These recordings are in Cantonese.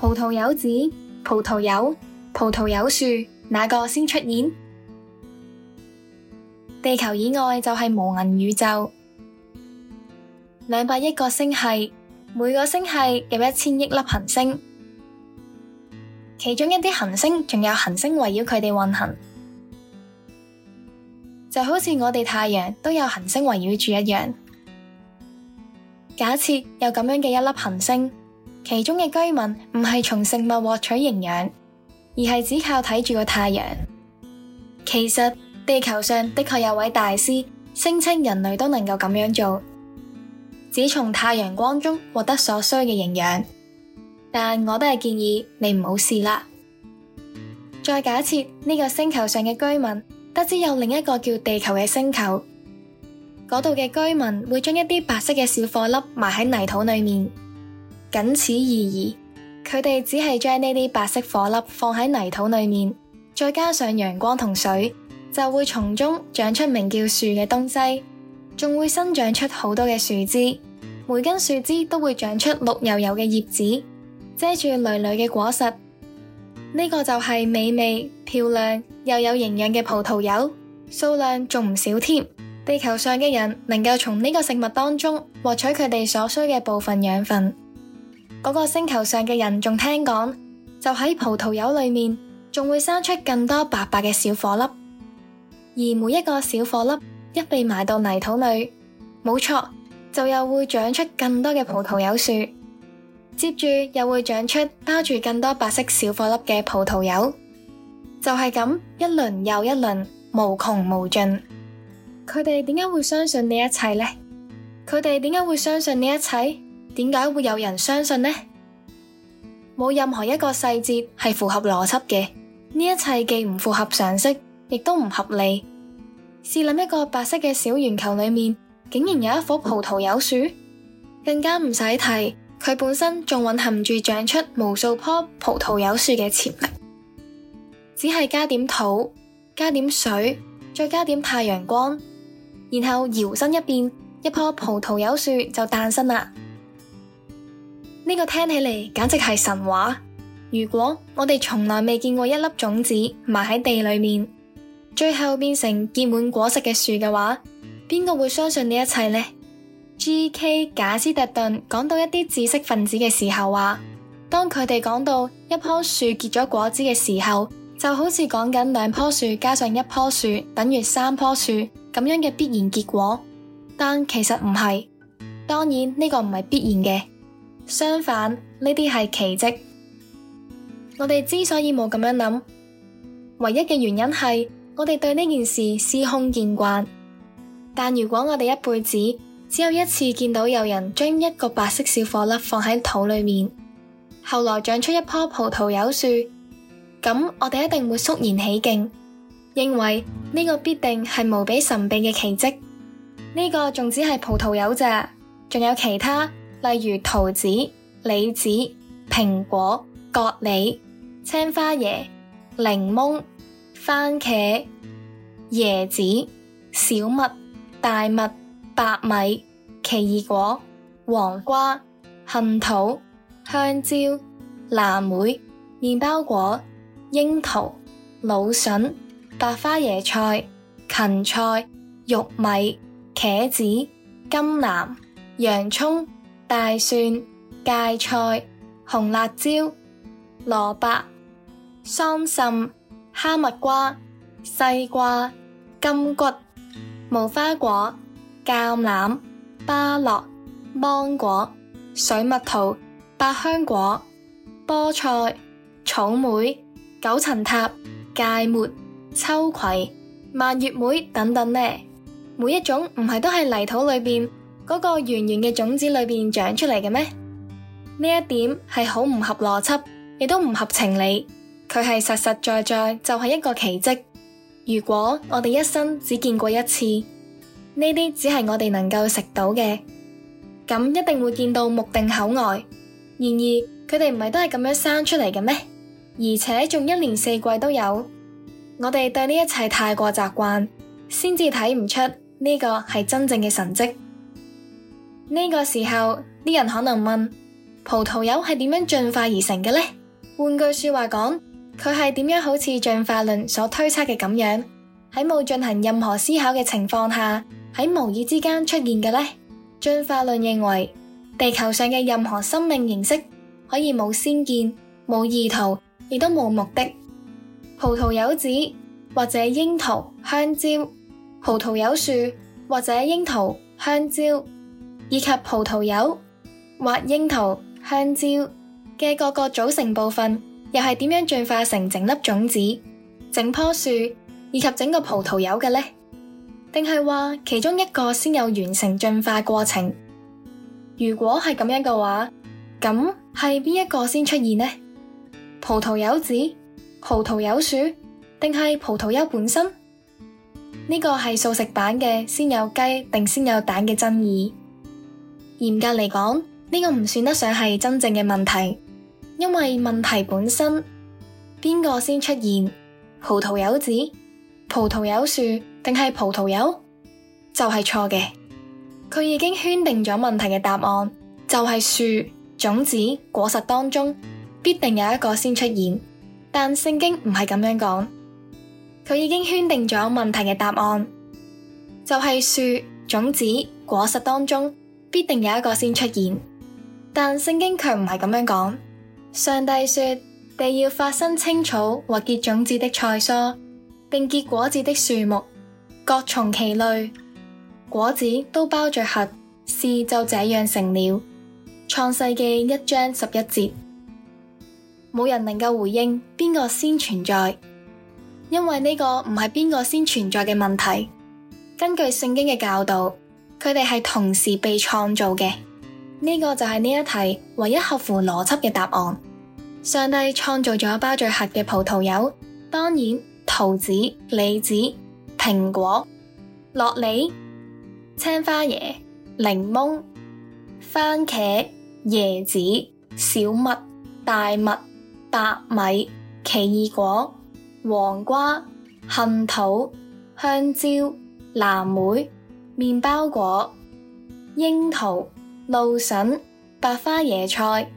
葡萄柚子、葡萄柚、葡萄柚樹，哪個先出現？地球以外就係無垠宇宙，兩百億個星系，每個星系有一千億粒行星，其中一啲行星仲有行星圍繞佢哋運行，就好似我哋太陽都有行星圍繞住一樣。假設有咁樣嘅一粒行星。其中嘅居民唔係從食物獲取營養，而係只靠睇住個太陽。其實地球上的確有位大師聲稱人類都能夠咁樣做，只從太陽光中獲得所需嘅營養。但我都係建議你唔好試啦。再假設呢個星球上嘅居民得知有另一個叫地球嘅星球，嗰度嘅居民會將一啲白色嘅小顆粒埋喺泥土裏面。僅此而已。佢哋只係將呢啲白色火粒放喺泥土裏面，再加上陽光同水，就會從中長出名叫樹嘅東西，仲會生長出好多嘅樹枝。每根樹枝都會長出綠油油嘅葉子，遮住累累嘅果實。呢個就係美味、漂亮又有營養嘅葡萄柚，數量仲唔少添。地球上嘅人能夠從呢個食物當中獲取佢哋所需嘅部分養分。嗰個星球上嘅人仲聽講，就喺葡萄柚裏面，仲會生出更多白白嘅小顆粒。而每一個小顆粒一被埋到泥土裏，冇錯，就又會長出更多嘅葡萄柚樹。接住又會長出包住更多白色小顆粒嘅葡萄柚，就係咁一輪又一輪，無窮無盡。佢哋點解會相信呢一切呢？佢哋點解會相信呢一切？點解會有人相信呢？冇任何一個細節係符合邏輯嘅，呢一切既唔符合常識，亦都唔合理。試諗一個白色嘅小圓球裏面，竟然有一棵葡萄柚樹，更加唔使提佢本身仲蘊含住長出無數棵葡萄柚樹嘅潛力。只係加點土，加點水，再加點太陽光，然後搖身一變，一棵葡萄柚樹就誕生啦。呢個聽起嚟簡直係神話。如果我哋從來未見過一粒種子埋喺地裏面，最後變成結滿果實嘅樹嘅話，邊個會相信呢一切呢？G.K. 賈斯特頓講到一啲知識分子嘅時候話，當佢哋講到一棵樹結咗果子嘅時候，就好似講緊兩棵樹加上一棵樹等於三棵樹咁樣嘅必然結果，但其實唔係。當然呢個唔係必然嘅。相反，呢啲係奇跡。我哋之所以冇咁樣諗，唯一嘅原因係我哋對呢件事司空見慣。但如果我哋一輩子只有一次見到有人將一個白色小顆粒放喺土裡面，後來長出一棵葡萄柚樹，咁我哋一定會肅然起敬，認為呢個必定係無比神秘嘅奇跡。呢個仲只係葡萄柚咋，仲有其他。例如桃子、李子、蘋果、葛李、青花椰、檸檬、番茄、椰子、小麥、大麥、白米、奇異果、黃瓜、杏桃、香蕉、藍莓、麵包果、櫻桃、蘆筍、白花椰菜、芹菜、玉米、茄子、甘藍、洋葱。大蒜、芥菜、紅辣椒、蘿蔔、桑葚、哈密瓜、西瓜、金桔、無花果、橄欖、芭樂、芒果、水蜜桃、百香果、菠菜、草莓、九層塔、芥末、秋葵、蔓越莓等等呢，每一種唔係都係泥土裏面。嗰個圓圓嘅種子裏面長出嚟嘅咩？呢一點係好唔合邏輯，亦都唔合情理。佢係實實在在就係一個奇蹟。如果我哋一生只見過一次，呢啲只係我哋能夠食到嘅，咁一定會見到目定口呆。然而佢哋唔係都係咁樣生出嚟嘅咩？而且仲一年四季都有。我哋對呢一切太過習慣，先至睇唔出呢個係真正嘅神蹟。呢個時候，啲人可能問：「葡萄柚係點樣進化而成嘅呢？」換句說話講，佢係點樣好似進化論所推測嘅咁樣，喺冇進行任何思考嘅情況下，喺無意之間出現嘅呢？進化論認為，地球上嘅任何生命形式可以冇先見、冇意圖，亦都冇目的。葡萄柚子或者櫻桃、香蕉，葡萄柚樹或者櫻桃、香蕉。以及葡萄柚、或櫻桃、香蕉嘅各個組成部分，又係點樣進化成整粒種子、整棵樹以及整個葡萄柚嘅呢？定係話其中一個先有完成進化過程？如果係咁樣嘅話，咁係邊一個先出現呢？葡萄柚子、葡萄柚樹，定係葡萄柚本身？呢個係素食版嘅先有雞定先有蛋嘅爭議。嚴格嚟講，呢、這個唔算得上係真正嘅問題，因為問題本身邊個先出現？葡萄柚子、葡萄柚樹，定係葡萄柚？就係、是、錯嘅。佢已經圈定咗問題嘅答案，就係樹、種子、果實當中必定有一個先出現。但聖經唔係咁樣講，佢已經圈定咗問題嘅答案，就係樹、種子、果實當中。必定有一個先出現，但聖經卻唔係咁樣講。上帝說：地要發生青草和結種子的菜蔬，並結果子的樹木，各從其類。果子都包着核，事就這樣成了。創世記一章十一節。冇人能夠回應邊個先存在，因為呢個唔係邊個先存在嘅問題。根據聖經嘅教導。佢哋係同時被創造嘅，呢、這個就係呢一題唯一合乎邏輯嘅答案。上帝創造咗包住核嘅葡萄柚，當然桃子、李子、蘋果、洛梨、青花椰、檸檬、番茄、椰子、小麥、大麥、白米、奇異果、黃瓜、杏桃、香蕉、藍莓。麵包果、櫻桃、蘆笋、白花椰菜、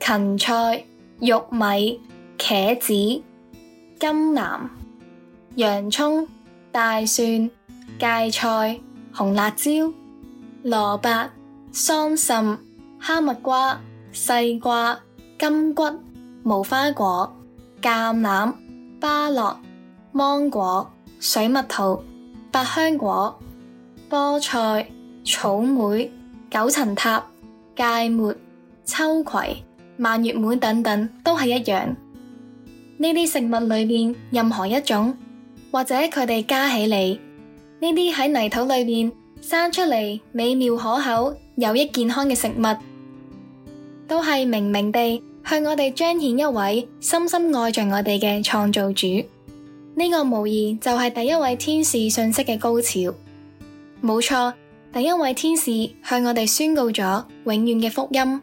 芹菜、玉米、茄子、甘藍、洋葱、大蒜、芥菜、紅辣椒、蘿卜、桑葚、哈密瓜、西瓜、金桔、無花果、橄欖、芭樂、芒果、水蜜桃、百香果。菠菜、草莓、九層塔、芥末、秋葵、蔓越莓等等，都係一樣。呢啲食物裏面任何一種或者佢哋加起嚟，呢啲喺泥土裏面生出嚟，美妙可口、有益健康嘅食物，都係明明地向我哋彰顯一位深深愛着我哋嘅創造主。呢、這個無疑就係第一位天使信息嘅高潮。冇錯，但因為天使向我哋宣告咗永遠嘅福音，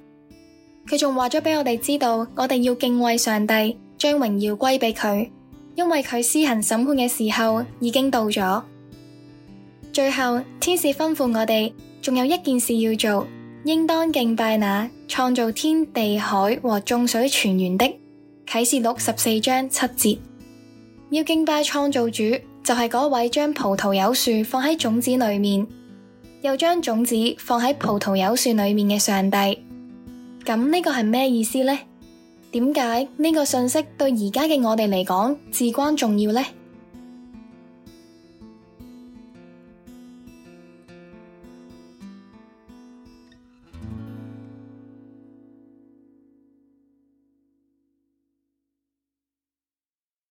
佢仲話咗俾我哋知道，我哋要敬畏上帝，將榮耀歸俾佢，因為佢施行審判嘅時候已經到咗。最後，天使吩咐我哋，仲有一件事要做，應當敬拜那創造天地海和眾水泉源的啟示錄十四章七節，要敬拜創造主。就係嗰位將葡萄柚樹放喺種子裏面，又將種子放喺葡萄柚樹裏面嘅上帝。咁呢個係咩意思呢？點解呢個信息對而家嘅我哋嚟講至關重要呢？